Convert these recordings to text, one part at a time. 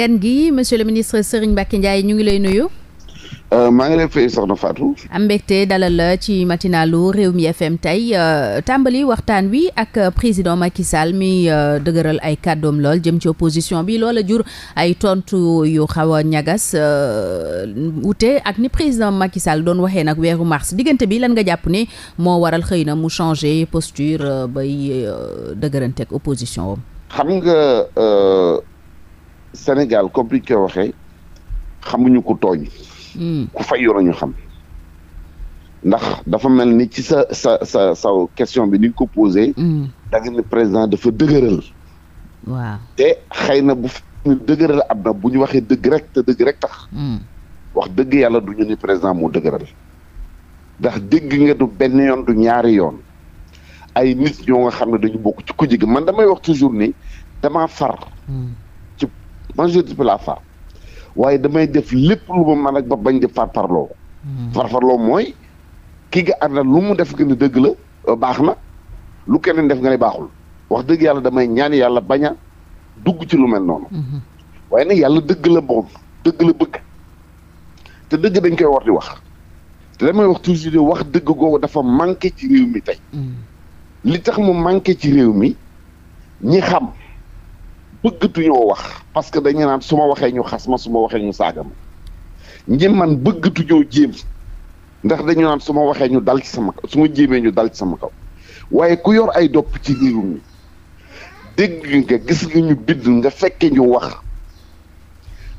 gan gi monsieur le ministre Serigne Mbacké Ndiaye ñu ngi lay nuyu. Euh, maa ngi lay fay soxna Fatou. am mbégte dalal la ci matinalu Rewmi FM tey euh, tàmbali waxtaan wi ak euh, président Macky Sall mi dëgëral ay kàddoom lool jëm ci opposition bi loola jur ay tontu yu xaw a ñagas wute ak ni président Macky Sall doon waxee nag weeru mars diggante bi lan nga jàpp ne moo waral xëy na mu changer posture bay dëgërante ak opposition am. xam nga Sénégal comme li ko waxee xamuñu ku tooñ. Hmm. ku fay yoon ñu xam. ndax dafa mel ni ci sa sa sa sa question bi ni ñu ko posé. Hmm. da nga président dafa dëgëral. te xëy na bu dëgërël ab am na bu ñu waxee dëgg rek te dëgg rek tax. Hmm. wax dëgg yàlla du ñu ni président moo dëgëral. ndax dégg nga du benn yoon du ñaari yoon. ay nit ñoo nga xam ne dañu bokk ci kujje gi man damay wax toujours ni damaa far. man je dis la fa waaye damay def lépp lu ma mën ak ba bañ di farfarloo. Hmm. farfarloo mooy ki nga àndal lu mu def nga ni dëgg la euh, baax na lu keneen def nga ne baaxul wax dëgg yàlla damay ñaan yàlla bañ dugg ci lu mel noonu. Hmm. waaye nag yàlla dëgg la bon dëgg la bëgg te dëgg dañ koy war di wax te damay wax toujours de wax dëgg googu dafa manqué ci réew mi tey. Hmm. li tax mu mànke ci réew mi ñi xam. bëggatuñoo wax parce que dañu naan su ma waxee ñu xas ma su ma waxee ñu saaga ma ñi man bëggatuñoo jéem ndax dañu naan su ma waxee ñu dal ci sama kaw su ma jéemee ñu dal ci sama kaw waaye ku yor ay dopp ci réew mi dégg nga gis nga ñu bind nga fekkee ñu wax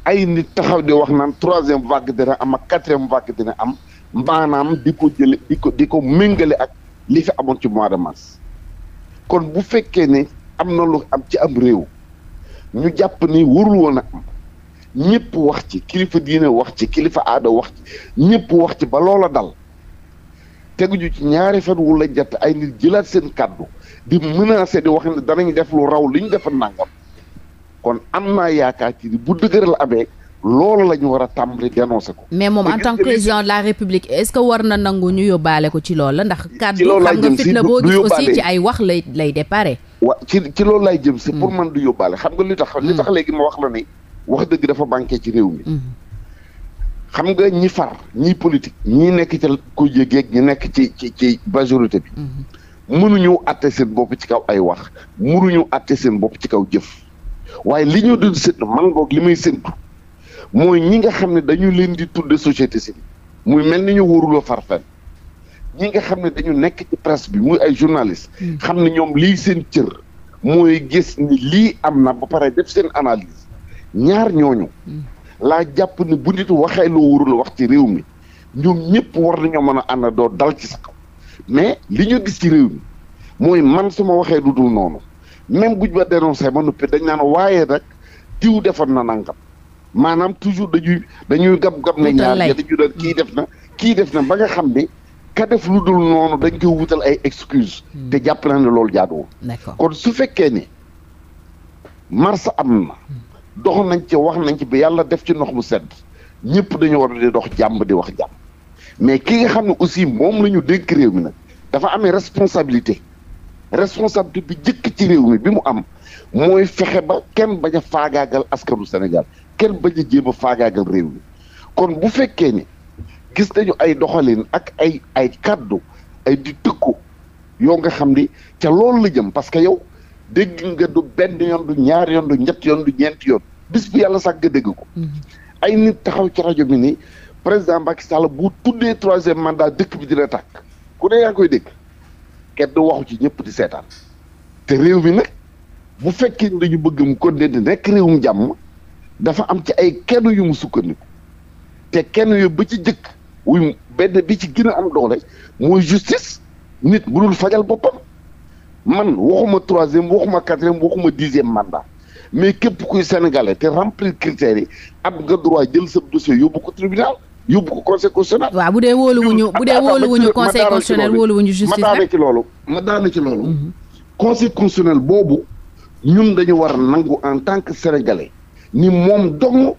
ay nit taxaw di wax naan troisième vague dina am ak quatrième vague dina am maanaam di ko jële di ko di ko méngale ak li fi amoon ci mois de mars kon bu fekkee ni am na lu am ci am réew ñu jàpp ni warul woon a am ñëpp wax ci kilifa diine wax ci kilifa aada wax ci ñëpp wax ci ba loola dal ñu ci ñaari fan wu la jàtt ay nit jëlaat seen kàddu di menacer di wax ne danañ def lu raw li ñu defa nangam kon am naa yaakaar ci bu dëgëral amee loolu la ñu war a tàmbali dénoncé ko. mais moom en tant président la république est-ce que war na nangu ñu yóbbaale ko ci loolu la ndax. kàddu xam nga fit la boo gis aussi ci ay wax lay lay déparé. wa ci ci loolu laay jëm si hmm. pour man du yóbbaale xam nga li tax hmm. li tax léegi ma wax la ni wax dëgg dafa manqué ci réew mi hmm. xam nga ñi far ñii politique ñi nekk ci ca ku yëgeeg ñi nekk ci ci ci majorité bi mënuñu àtte seen bopp ci kaw ay wax mënuñu àtte seen bopp ci kaw jëf waaye li ñu doon séntu man boog li may séntu mooy ñi nga xam ne dañu leen di tudde société si muy mel ni ñu wóoruloo far fenn ñi nga xam ne dañu nekk ci presse bi muy ay journaliste xam ne ñoom lii seen cër mooy gis ni lii am na ba pare def seen analyse ñaar ñooñu laa jàpp ne bu nit waxee loo warul wax ci réew mi ñoom ñëpp war nañoo mën a ànd doo dal ci sa kaw mais li ñu gis ci réew mi mooy man suma waxee du dul noonu même buñ ba dénoncé ma noppi dañ naan waaye nag tiw defoon na nangam maanaam toujours dañuy dañuy gab gab ne ñaar ya kii mm. def na kii def na ba nga xam ne ka def lu dul noonu dañ koy wutal ay excuse hmm. te jàpp na ne loolu jaaduwul kon su fekkee ni mars am na hmm. dox nañ ci wax nañ ci ba yàlla def ci ndox mu sedd ñëpp dañu war di dox jàmm di wax jàmm mais ki nga xam ne aussi moom la ñu dénk réew mi nag dafa amee responsabilité responsabilité bi jëkk ci réew mi bi mu am mooy fexe ba kenn bañ a faagaagal askanu Sénégal kenn bañ a jéem a faagaagal réew mi kon bu fekkee ni gis nañu ay doxalin ak ay ay kàddu ay di tëkku yoo nga xam ni ca loolu la jëm parce que yow dégg nga du benn yoon du ñaar yoon du ñett yoon du ñeent yoon bis bu yàlla sax dégg ko. Mm-hmm. ay nit taxaw ci rajo bi ni président Macky Sall bu tuddee troisième mandat dëkk bi dina tàkk ku ne yaa koy dégg kenn du waxu ci ñëpp di seetaan te réew mi nag bu fekkee dañu bëgg mu continuer di nekk réewum jàmm dafa am ci ay kenn yu mu sukkandiku te kenn yu ba ci jëkk wuy benn bi ci gën a am doole mooy justice nit mënul fajal boppam man waxuma troisième waxuma quatrième waxuma dixième mandat mais képp kuy sénégalais te remplir critères yi am nga droit jël sa dossier yóbbu ko tribunal yóbbu ko conseil constitutionnel. waaw bu dee wóoluwuñu bu dee wóoluwuñu conseil constitutionnel wóoluwuñu justice ma daane ci loolu ma daane ci loolu. Mhm. conseil constitutionnel boobu ñun dañu war nangu en tant que sénégalais ni moom dong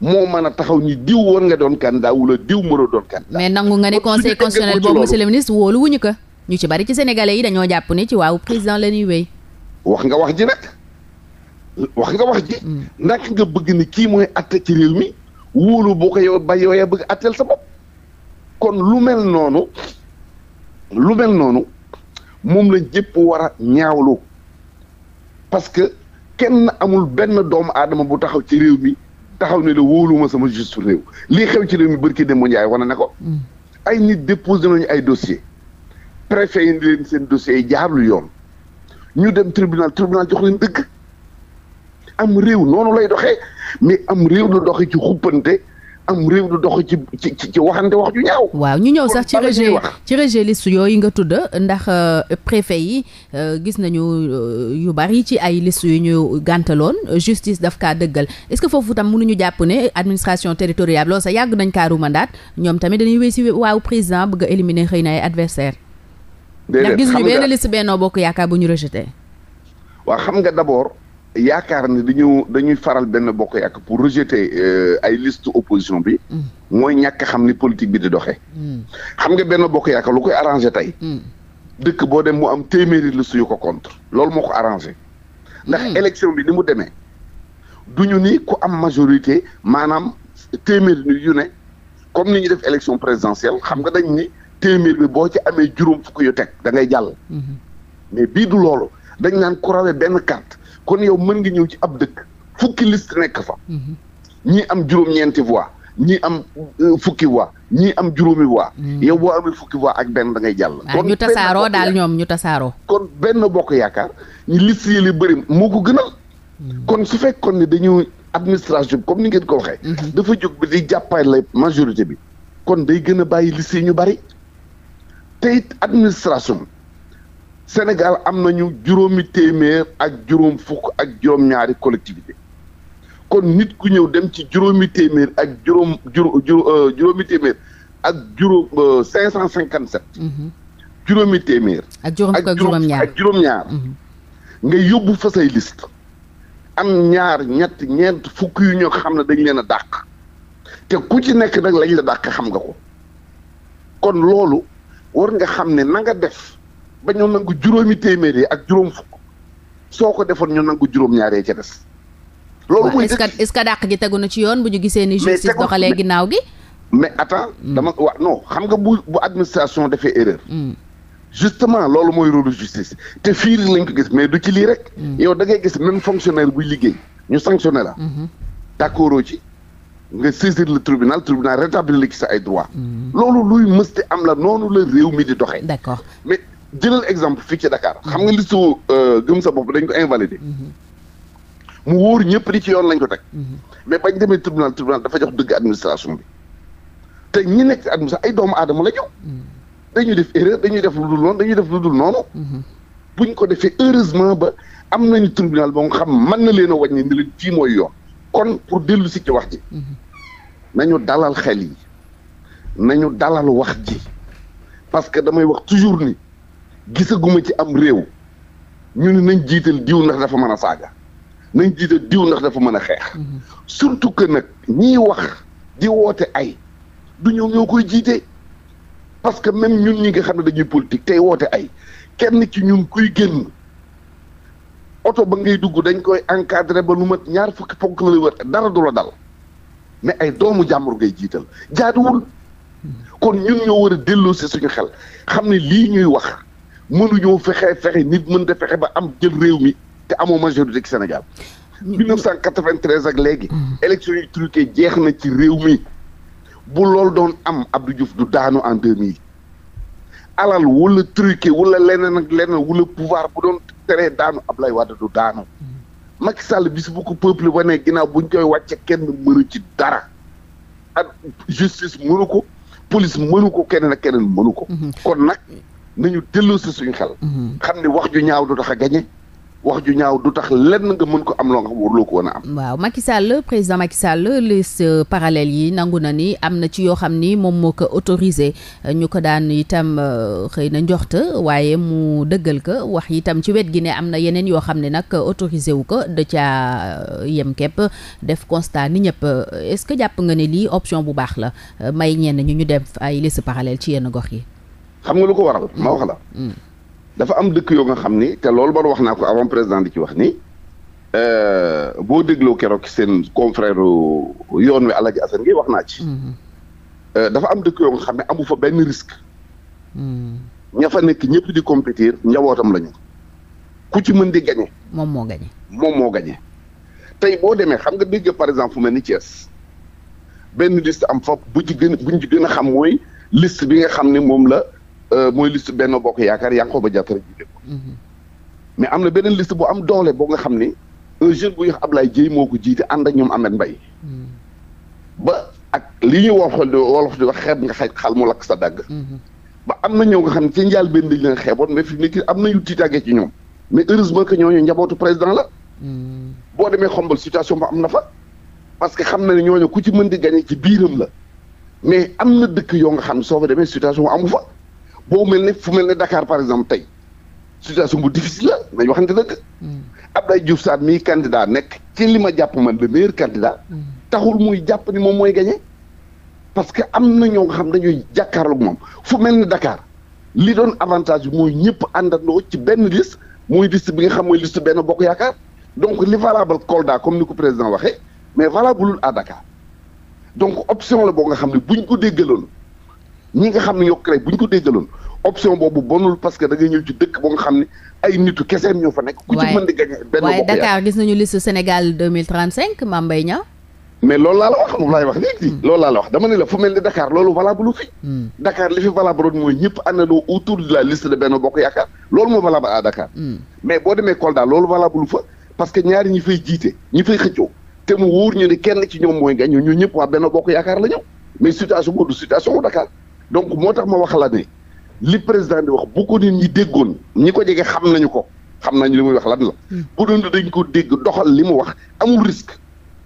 moo mën a taxaw ñi diw war nga doon candidat wala diw mënoo doon candidat. mais nangu nga ne conseil constitutionnel boobu monsieur le ministre wóolu wuñu ko. ñu ci bari ci sénégalais yi dañoo jàpp ni ci waaw président la ñuy wéy. wax nga wax ji wax nga wax ji. Hmm. ndax bëgg ni kii mooy atte ci mi wóolu boo ko yow ba yow yaa bëgg atteel sa bopp. kon lu mel noonu lu mel noonu moom la jëpp war a ñaawlu parce que kenn amul benn doomu aadama bu taxaw ci réew mi. taxaw ne la wóoluma sama justice réew lii xew ci réew mi barki dem mu Ndiaye wane na ko. Mm. ay nit déposé nañu ay dossier préfet yi leen seen dossiers yi jaarlu yoon ñu dem tribunal tribunal jox leen dëgg am réew noonu lay doxee mais am réew la doxee ci xuppante. am réew du dox ci ci ci waxante wax ju ñaaw. waaw ñu ñëw sax ci rejet ci yooyu nga tudd ndax euh, préfet yi euh, gis nañu euh, yu bari ci ay liste yu ñu gàntaloon justice daf kaa dëggal est-ce que foofu tam ñu jàpp ne administration teritoriale loolu sax yàgg nañ kaaru mandat ñoom tamit dañuy wéy si waaw président bëgg a éliminer xëy na ay adversaire ndax gisuñu benn liste Benno Bokk Yaakaar bu ñu rejeté. waa xam nga d'abord yaakaar ne dañu dañuy faral benn bokk yàq pour rejeter euh, ay liste opposition bi. Mm. mooy ñàkk xam ni politique bi di doxee. Mm. xam nga benn bokk yàq lu koy arrangé tey. Mm. dëkk boo dem mu am téeméeri liste yu ko contre loolu moo ko arrangé. ndax élection bi ni mu demee du ñu ni ku am majorité maanaam téeméeri ni yu ne comme ni ñu def élection présidentielle xam nga dañ ni téeméer bi boo ci amee juróom fukk yu teg da ngay jàll. Mm-hmm. mais bii du loolu dañ naan ku rawee benn carte. kon yow mën nga ñëw ci ab dëkk fukki liste nekk fa. Mhm. ñii am juróom-ñeenti voix ñii am euh, fukki voix ñii am juróomi voix. Mhm. yow boo amee fukki voix ak benn da ngay jàll. Ah, kon ñu tasaaroo daal ñoom ñu tasaaroo. kon benn bokk yaakaar ñu liste yi li bëri moo ko gënal. Mhm. kon su fekkoon ni dañu administration comme ni ngeen ko waxee. dafa jóg bi di jàppale majorité bi. kon day gën a bàyyi liste yi ñu bëri. te it administration Sénégal am nañu juróomi téeméer ak juróom fukk ak juróom-ñaari collectivité kon nit ku ñëw dem ci juróomi téeméer ak juróom euh, juróomi téeméer ak juróom euh, cinq cinquante sept mhm. juróomi téeméer ak juróom fukk ñaar mhm. nga yóbbu fa say liste am ñaar ñett ñeent fukk yu ñoo xam ne dañ leen a dàq te ku ci nekk nag lañ la dàq xam nga ko kon loolu war nga xam ne na nga def ba ñu nangu juróomi téeméer yi ak juróom fukk soo ko defoon ñu nangu juróom ñaaree ca des. loolu mooy est-ce que dàq gi tegu na ci yoon bu ñu gisee ni justice doxalee ginnaaw gi. mais attends hmm. dama waa no xam nga bu bu administration defee erreur. Hmm. justement loolu mooy rôle justice te fii lañ ko gis mais du ci lii rek. Hmm. yow da ngay gis même fonctionnaire buy liggéey ñu sanctionné la. d'accord ci nga saisir le tribunal tribunal rétablir ci sa ay droits. loolu luy mëste am la noonu la réew mi di doxee. d'accord mais. jëlal exemple fii ci Dakar xam nga listu euh, gëm sa bopp dañ ko invalidé mhm. mu wóor ñëpp di ci yoon lañ ko teg mhm. mais bañ demee tribunal tribunal dafa jox dëgg administration bi te ñi nekk ci administration ay doomu aadama la ñëw mhm. dañuy def erreur dañuy def lu dul noonu dañuy def lu dul noonu buñ ko defee heureusement ba am nañu tribunal ba xam man na leen a wàññi ni leen fii mooy yoon kon pour dellu si ci wax ji nañu dalal xel yi nañu dalal wax ji parce que damay wax toujours ni gisaguma ci am réew ñu ni nañ jiital diw ndax dafa mën a saaga nañ jiital diw ndax dafa mën a xeex surtout que nag ñiy wax di woote ay du ñëw ñoo koy jiite parce que même ñun ñi nga xam ne dañuy politique tey woote ay kenn ci ñun kuy génn oto ba ngay dugg dañ koy encadré ba lu mat ñaar fukki ponk la lay wër dara du la dal mais ay doomu jàmbur ngay jiital jaaduwul kon ñun ñoo war a delloo si suñu xel xam ne lii ñuy wax mënuñoo fexe fexe nit mën da fexe ba am jël réew mi te amoo majorité ci Sénégal. 1993 ak léegi. élection yu jeex na ci réew mi bu lool doon am Abdou Diouf du daanu en 2000. alal wala truqué wala leneen ak leneen wala pouvoir bu doon tere daanu ab lay Wade du daanu. Macky Sall bis bu ko peuple wane ginnaaw buñ koy wàcce kenn mënu ci dara ak justice mënu ko police mënu ko keneen ak keneen mënu ko. Mhm. kon nag. nañu dellu suñu xel. Mhm. xam ne wax ju ñaaw du tax a gañe wax ju ñaaw du tax lenn nga mën ko am loo nga xam warloo ko woon am. waaw Macky Sall président Macky Sall liste parallèle yi nangu na ni am na ci yoo xam ni moom moo ko autorisé ñu ko daan itam euh, xëy na njoxte waaye mu dëggal ko wax itam ci wet gi ne am na yeneen yoo xam ne nag autorisé wu ko da caa euh, yem képp def constat ni ñëpp est-ce que jàpp nga ne lii option bu baax la may ñenn ñu ñu def ay liste parallèle ci yenn gox yi. xam nga lu ko waral ma wax la. Mm. dafa am dëkk yoo nga xam ni te loolu man wax naa ko avant président di ci wax ni. Euh, boo dégloo keroog seen confrère yoon wi El Hadj Assane wax naa ci. Mm-hmm. Euh, dafa am dëkk yoo nga xam ne amu fa benn risque. Mm. ña fa nekk ñëpp di compétir njawootam lañu ku ci mën di gagné. moom moo gagné. moom moo gagné tey boo demee xam nga dégg par exemple fu mel ni Thiès benn liste am fa bu ci gën buñ ci xam mooy list bi nga xam ni moom la. Euh, mooy liste Benno Bokk Yaakaar Yankhoba Diattara jiite ko mhm. mais am na beneen list bu am doole boo nga xam ne un jeune bu ñuy wax Ablaye Dieye moo ko jiite ànd ak ñoom Ahmed mbay mhm. ba ak li ñuy wolof di wolof di wax xeeb nga xaj xal mu lakk sa dagg mhm. ba am na ñëw nga xam ne ci njaal benn dañ leen xeeboon mais fi mu nekk am nañu tiitaage ci ñoom mais heureusement que ñooñu njabootu président la boo demee xombal situation ba am na fa parce que xam na ne ñooñu ku ci mën di gagné ci biiram la mais am na dëkk yoo nga xam ne soo fa demee situation amu fa boo mel ne fu mel ne dakaar par exemple tey situation bu difficile la nañ waxante dëgg. Hmm. Abdoulaye Diouf saat mii candidat nekk ci li ma jàpp man le meilleur candidat. Hmm. taxul muy jàpp ni moom mooy gagné. parce que am na ñoo nga xam dañuy jàkkaarloog moom fu mel ni dakaar li doon avantage bi mooy ñëpp àndandoo ci benn liste muy liste bi nga xam mooy liste benn bokk yaakaar donc li valable Kolda comme ni ko président waxee mais valable à Dakar donc option la boo nga xam ne buñ ko déggaloon ñi nga xam ne ñoo CREC bu ñu ko déggaloon option boobu bonul parce que da nga ñëw ci dëkk ba nga xam ne ay nitu keseem ñoo fa nekk. ku ci mën di gagné nañu liste Sénégal 2035 Mame Mbaye Niang. mais loolu laa la wax moom hmm. la wax dama ne la fu mel ni Dakar loolu valable fi. Hmm. Dakar li fi valable mooy ñëpp àndandoo autour de hmm. boo demee Kolda loolu valable fa parce que ñaari ñi fay jiite ñi fay xëccoo te mu kenn ci ñoom mooy gañu ñu ñëpp waa Bokk Yaakaar la ñëw mais situation boobu du situation donc moo tax ma wax la ne li président di wax bu ko nit ñi déggoon ñi ko jege xam nañu ko xam nañu li muy wax lan la. Hmm. bu doon dañ ko dégg doxal li mu wax amul risque.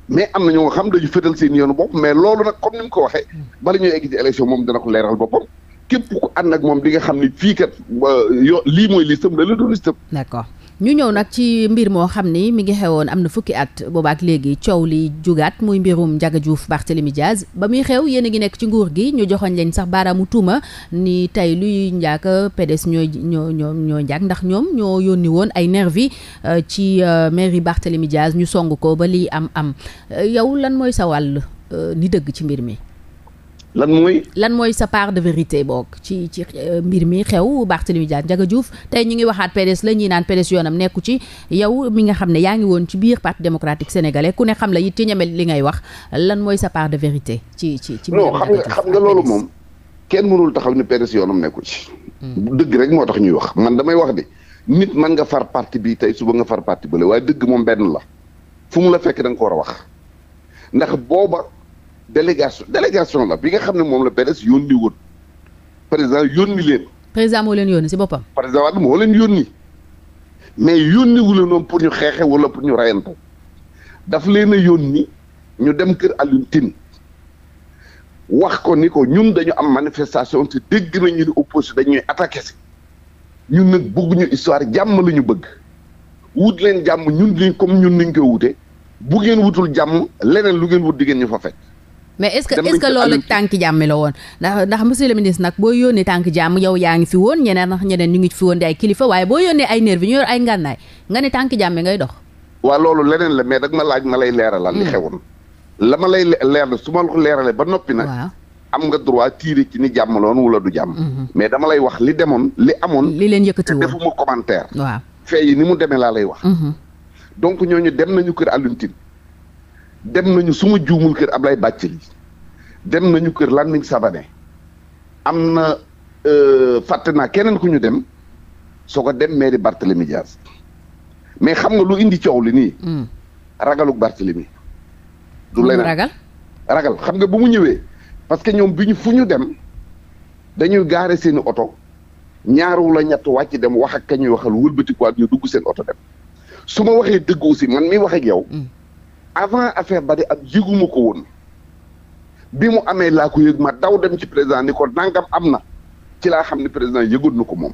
mais am na ñoo nga xam dañu fétal seen yoonu bopp mais loolu nag comme ni mu ko waxee. Hmm. bala ñuy egg ci élection moom dana ko leeral boppam. képp ko ànd ak moom di nga xam ni fii kat euh, yo lii mooy listam la la doon listam. d'accord. ñu ñëw nag ci mbir moo xam ni mi ngi xewoon am na fukki at boobaak léegi coow li jugaat muy mbirum Ndiaga Diouf Barthélémy Diaz ba muy xew yéen a ngi nekk ci nguur gi ñu joxoñ lañ sax baaraamu tuuma ni tey luy njaaka PDS ñooy ñoo ñoo ñoo njaak ndax ñoom ñoo yónni woon ay nervi euh, ci euh, mairie Barthélémy Diaz ñu song ko ba lii am am euh, yow lan mooy sawal wàll ni dëgg ci mbir mi lan mooy. lan mooy sa part de vérité boog ci ci euh, mbir mi xew Barthélémy Dias Ndiaga Diouf tey ñu ngi waxaat PDS la ñuy naan PDS yoonam nekku ci yow mi nga xam ne yaa ngi woon ci biir parti démocratique sénégalais ku ne xam la it ci ñeme li ngay wax lan mooy sa part de vérité. ci ci ci mbir xam nga xam nga loolu moom. kenn mënul taxaw ne PDS yoonam nekku ci. Hmm. dëgg rek moo tax ñuy wax man damay wax ni nit mën nga far parti bi tey suba nga far parti bële waaye dëgg moom benn la fu la fekk da nga ko war a wax ndax booba. délégation délégation la bi nga xam ne moom la wut yónni woon président yónni leen. président moo leen yónni si boppam. président Wade moo leen yoon ni mais yónni wu leen moom pour ñu xeexe wala pour ñu rayante dafa leen a yoon yónni ñu dem kër Alioune Tine wax ko ni ko ñun dañu am manifestation te dégg nañu ni opposé dañuy attaque si ñun nag bëgguñu histoire jàmm la ñu bëgg wut leen jàmm ñun liñ comme ñun niñ koy wute bu ngeen wutul jàmm leneen lu ngeen di ngeen ñu fa fekk. mais est-ce que est-ce que loolu tànk jàmm la woon ndax ndax monsieur le ministre nag boo yónnee tànk jàmm yow yaa ngi fi woon ñeneen ñu ngi fi woon di ay kilifa waaye boo yónnee ay nervi ñu yor ay ngànnaay nga ne tànk jàmm ngay dox waa loolu leneen la mais dag ma laaj ma lay leeralal li hmm. xewoon la ma lay la su ma leeralee ba noppi nag am nga droit tiire ci ni jàmm loon wala du jàmm hmm. mais dama lay wax li demoon li amoon li leen yëkkati woon defuma commentaire waaw fee yi ni mu demee laa lay wax hmm. donc ñooñu dem nañu kër Alioune dem nañu suma juumul kër Ablaye Bathily dem nañu kër Landing Savané am na euh, fàtte naa keneen ku ñu dem soo ko dem mairie Barthélemy Dias mais xam nga lu indi coow li nii hmm. ragaluk Barthélemy du leneen ragal ragal xam nga bu mu ñëwee parce que ñoom bi ñu fu ñu dem dañuy gaare seeni oto ñaaru la ñett wàcc dem wax ak ka ñuy waxal wëlbatikuwaat ñu dugg seen oto dem su ma waxee dëgg aussi man mi wax ak yow hmm. avant affaire ba di am yëguma ko woon bi mu amee laa ko yëg ma daw dem ci président ni ko nangam am na ci laa xam ne président yëgoon na ko moom.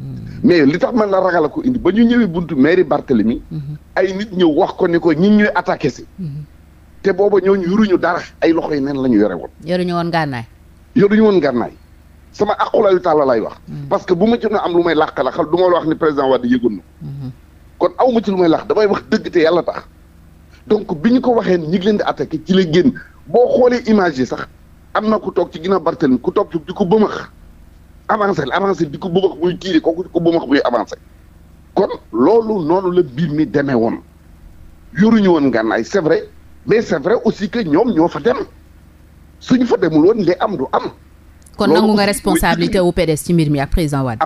Hmm. mais li tax man la ragal ko indi ba ñu ñëwee buntu mairie Barthélemy. Hmm. ay nit ñëw wax ko ni ko ñi ñuy attaqué si. Hmm. te booba ñooñu yoruñu dara ay loxo yi nen la ñu yore woon. yoruñu woon gànnaay. yoruñu woon gànnaay sama aqulaayu taala lay wax. parce que bu ma ci doon am lu may làq la xal du ma la wax ni président Wade yëgoon na kon aw ma ci lu may làq damay wax dëgg yàlla tax. donc bi ñu ko waxee ñi ngi leen di attaqué ci la génn boo xoolee image yi sax am na ku toog ci ginnaaw Barthélemy ku toog ci di ko bëmax avancé avancé di ko bëmax muy tiire kooku di ko bëmax muy avancé kon loolu noonu la mbir mi demee woon yoruñu woon ngànnaay c'est vrai mais c'est vrai aussi que ñoom ñoo fa dem suñu fa demul woon li am du am. kon nangu nga responsabilité wu PDS ci mbir mi ak président Wade.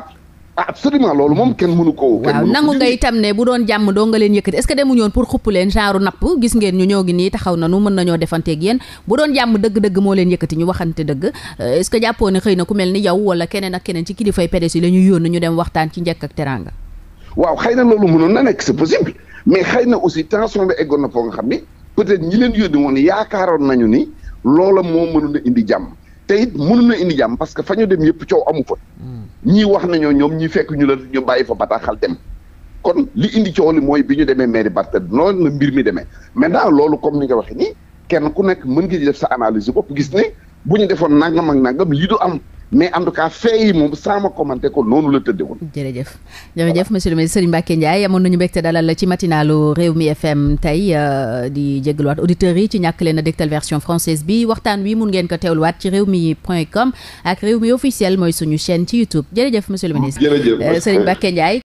ah absolument loolu moom kenn mënu ko. waaw nangu nga itam ne bu doon jàmm doo nga leen yëkkati est-ce que demu ñoon pour xupp leen genre napp gis ngeen ñu ñoo ngi nii taxaw na nu mën nañoo defanteeg yéen bu doon jàmm dëgg-dëgg moo leen yëkkati ñu waxante dëgg euh, est-ce que jàppoo ne xëy na ku mel ni yow wala keneen ak keneen ci kilifay PDS yi la ñu yónn ñu dem waxtaan ci njëkk ak teranga waaw xëy na loolu mënoon na nekk c'est possible mais xëy na aussi tension bi eggoon na foo nga xam ni peut-être ñi leen yónni woon yaakaaroon nañu ni loola moo mënul a indi jàmm te it mënul a indi jàmm parce que fa ñu dem yëpp coow amu fa hmm. ñii wax nañoo ñoom ñi fekk ñu la ñu bàyyi fa bataaxal dem kon li indi coow li mooy bi ñu demee mairie Barthélemy noonu la mbir mi demee maintenant loolu comme ni nga waxee nii kenn ku nekk mën gi def sa analyse bopp gis ne bu ñu defoon nangam ak nangam lii du am mais en tout cas fee yi moom sans ma commenter ko noonu la tëddee woon. jërëjëf jërëjëf monsieur le ministre Serigne Mbacké Ndiaye amoon nañu mbégte dalal la ci matinalu Rewmi FM tey euh, di jégaluwaat auditeurs yi ci ñàkk leen a dégtal version française bi waxtaan wi mun ngeen ko teewluwaat ci réew rewmi point com ak Rewmi officiel mooy suñu chaîne ci YouTube jërëjëf monsieur le ministre. jërëjëf euh, Serigne Mbacké